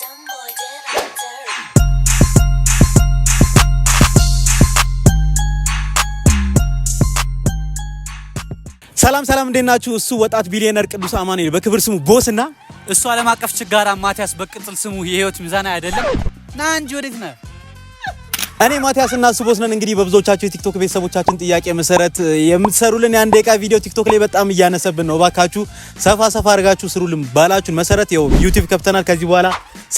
ሰላም ሰላም፣ እንዴት ናችሁ? እሱ ወጣት ቢሊዮነር ቅዱስ አማኑኤል በክብር ስሙ ቦስ እና እሱ ዓለም አቀፍ ችጋራ ማቲያስ በቅጽል ስሙ የህይወት ሚዛን አይደለም። ና እንጂ ወዴት ነህ? እኔ ማቲያስ እና ስቦስ ነን። እንግዲህ በብዙዎቻችሁ የቲክቶክ ቤተሰቦቻችን ጥያቄ መሰረት የምትሰሩልን የአንድ ደቂቃ ቪዲዮ ቲክቶክ ላይ በጣም እያነሰብን ነው። እባካችሁ ሰፋ ሰፋ አድርጋችሁ ስሩልን ባላችሁን መሰረት ይኸው ዩቲዩብ ከብተናል። ከዚህ በኋላ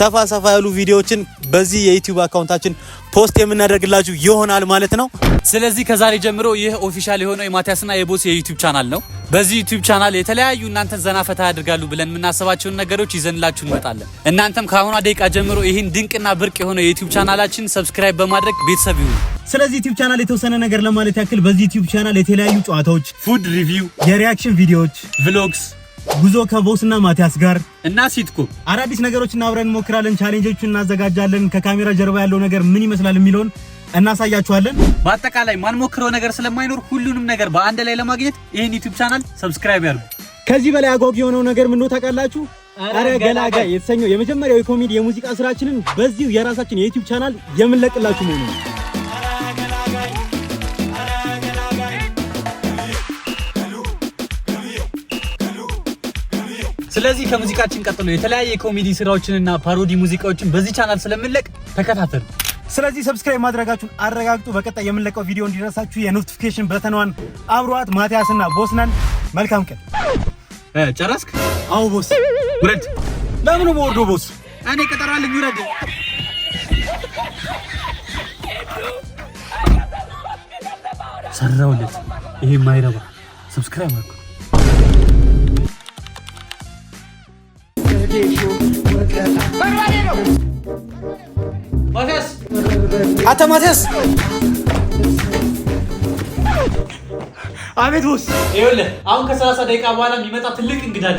ሰፋ ሰፋ ያሉ ቪዲዮዎችን በዚህ የዩቲዩብ አካውንታችን ፖስት የምናደርግላችሁ ይሆናል ማለት ነው። ስለዚህ ከዛሬ ጀምሮ ይህ ኦፊሻል የሆነው የማቲያስና የቦስ የዩቲዩብ ቻናል ነው። በዚህ ዩቲዩብ ቻናል የተለያዩ እናንተን ዘና ፈታ ያደርጋሉ ብለን የምናስባቸውን ነገሮች ይዘንላችሁ እንመጣለን። እናንተም ከአሁኗ ደቂቃ ጀምሮ ይህን ድንቅና ብርቅ የሆነው የዩቲዩብ ቻናላችን ሰብስክራይብ በማድረግ ቤተሰብ ይሁኑ። ስለዚህ ዩቲዩብ ቻናል የተወሰነ ነገር ለማለት ያክል በዚህ ዩቲዩብ ቻናል የተለያዩ ጨዋታዎች፣ ፉድ ሪቪው፣ የሪያክሽን ቪዲዮዎች፣ ቭሎግስ፣ ጉዞ ከቦስና ማቲያስ ጋር እና ሲትኩ አዳዲስ ነገሮችን አብረን እንሞክራለን። ቻሌንጆቹን እናዘጋጃለን። ከካሜራ ጀርባ ያለው ነገር ምን ይመስላል የሚለውን እናሳያችኋለን። በአጠቃላይ ማንሞክረው ነገር ስለማይኖር ሁሉንም ነገር በአንድ ላይ ለማግኘት ይህን ዩቲዩብ ቻናል ሰብስክራይብ ያድርጉ። ከዚህ በላይ አጓጊ የሆነው ነገር ምን ነው ታውቃላችሁ? አረ ገላጋ የተሰኘው የመጀመሪያው የኮሜዲ የሙዚቃ ስራችንን በዚሁ የራሳችን የዩቲዩብ ቻናል የምንለቅላችሁ መሆኑ ነው። ስለዚህ ከሙዚቃችን ቀጥሎ የተለያየ የኮሜዲ ስራዎችንና ፓሮዲ ሙዚቃዎችን በዚህ ቻናል ስለምንለቅ ተከታተሉ። ስለዚህ ሰብስክራይብ ማድረጋችሁን አረጋግጡ። በቀጣይ የምንለቀው ቪዲዮ እንዲደርሳችሁ የኖቲፊኬሽን በተኗን አብሯት። ማቲያስና ቦስናን መልካም ቀን። ጨረስክ? አዎ ቦስ። ውረድ። ለምን ወርዶ ቦስ? እኔ ቀጠሮ ውረድ። ሰራውለት። ይሄ ማይረባ ሰብስክራይብ አድርጉ። ማቲያስ አንተ ማቴዎስ አቤት ቦስ፣ ይኸውልህ አሁን ከሰላሳ ደቂቃ በኋላ የሚመጣ ትልቅ እንግዳ አለ።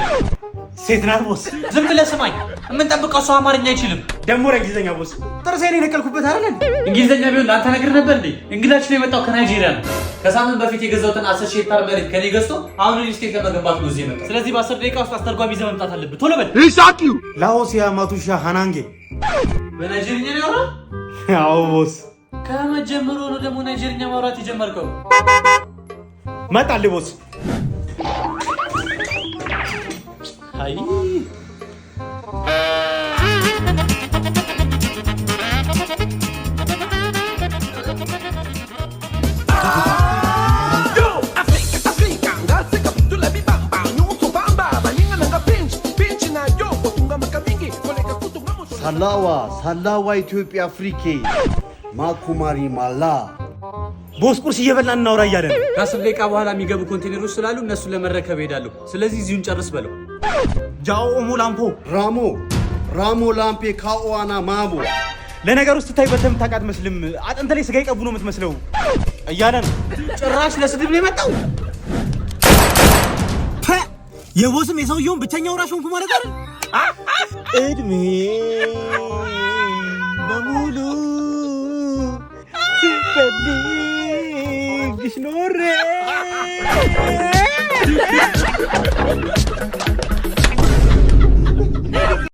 ሴት ናት ቦስ። ዝም ብለህ ስማኝ፣ የምንጠብቀው ሰው አማርኛ አይችልም። ደግሞ እንግሊዝኛ ቦስ። ጥርሴን የነቀልኩበት አይደል? እንግሊዝኛ ቢሆን ለአንተ ነገር ነበር እንዴ። እንግዳችን የመጣው ከናይጄሪያ ነው። ከሳምንት በፊት የገዛሁትን አስር ሺህ ሄክታር መሬት ከኔ ገዝቶ አሁን ስቴት ለመገንባት ነው እዚህ የመጣው። ስለዚህ በአስር ደቂቃ ውስጥ አስተርጓሚ ይዘህ መምጣት አለብህ። ቶሎ በል። ላሆሲያ ማቱሻ ሃናንጌ በናይጄሪያ ነው አውቦስ ከመጀመሩ ነው ደግሞ ናይጄሪኛ ማውራት የጀመርከው። መጣልህ ቦስ። አይ ሳላዋ ሳላዋ ኢትዮጵያ አፍሪኬ ማኩማሪ ማላ ቦስ ቁርስ እየበላን እናውራ እያለ ነው። ከአስር ደቂቃ በኋላ የሚገቡ ኮንቴነሮች ስላሉ እነሱ ለመረከብ ሄዳለሁ። ስለዚህ እዚሁን ጨርስ በለው። ጃኦ ኦሞ ላምፖ ራሞ ራሞ ላምፔ ካኦዋና ማቦ ለነገር ውስጥ ታይ በደም ታውቃት መስልም አጥንት ላይ ስጋ ይቀቡ ነው የምትመስለው እያለ ነው። ጭራሽ ለስድብ ነው የመጣው። የቦስም የሰውየውን ብቸኛ ወራሽ ሆንኩ ማለት አይደል? Ermin. Mamulu. Süperlik. Dişin oraya.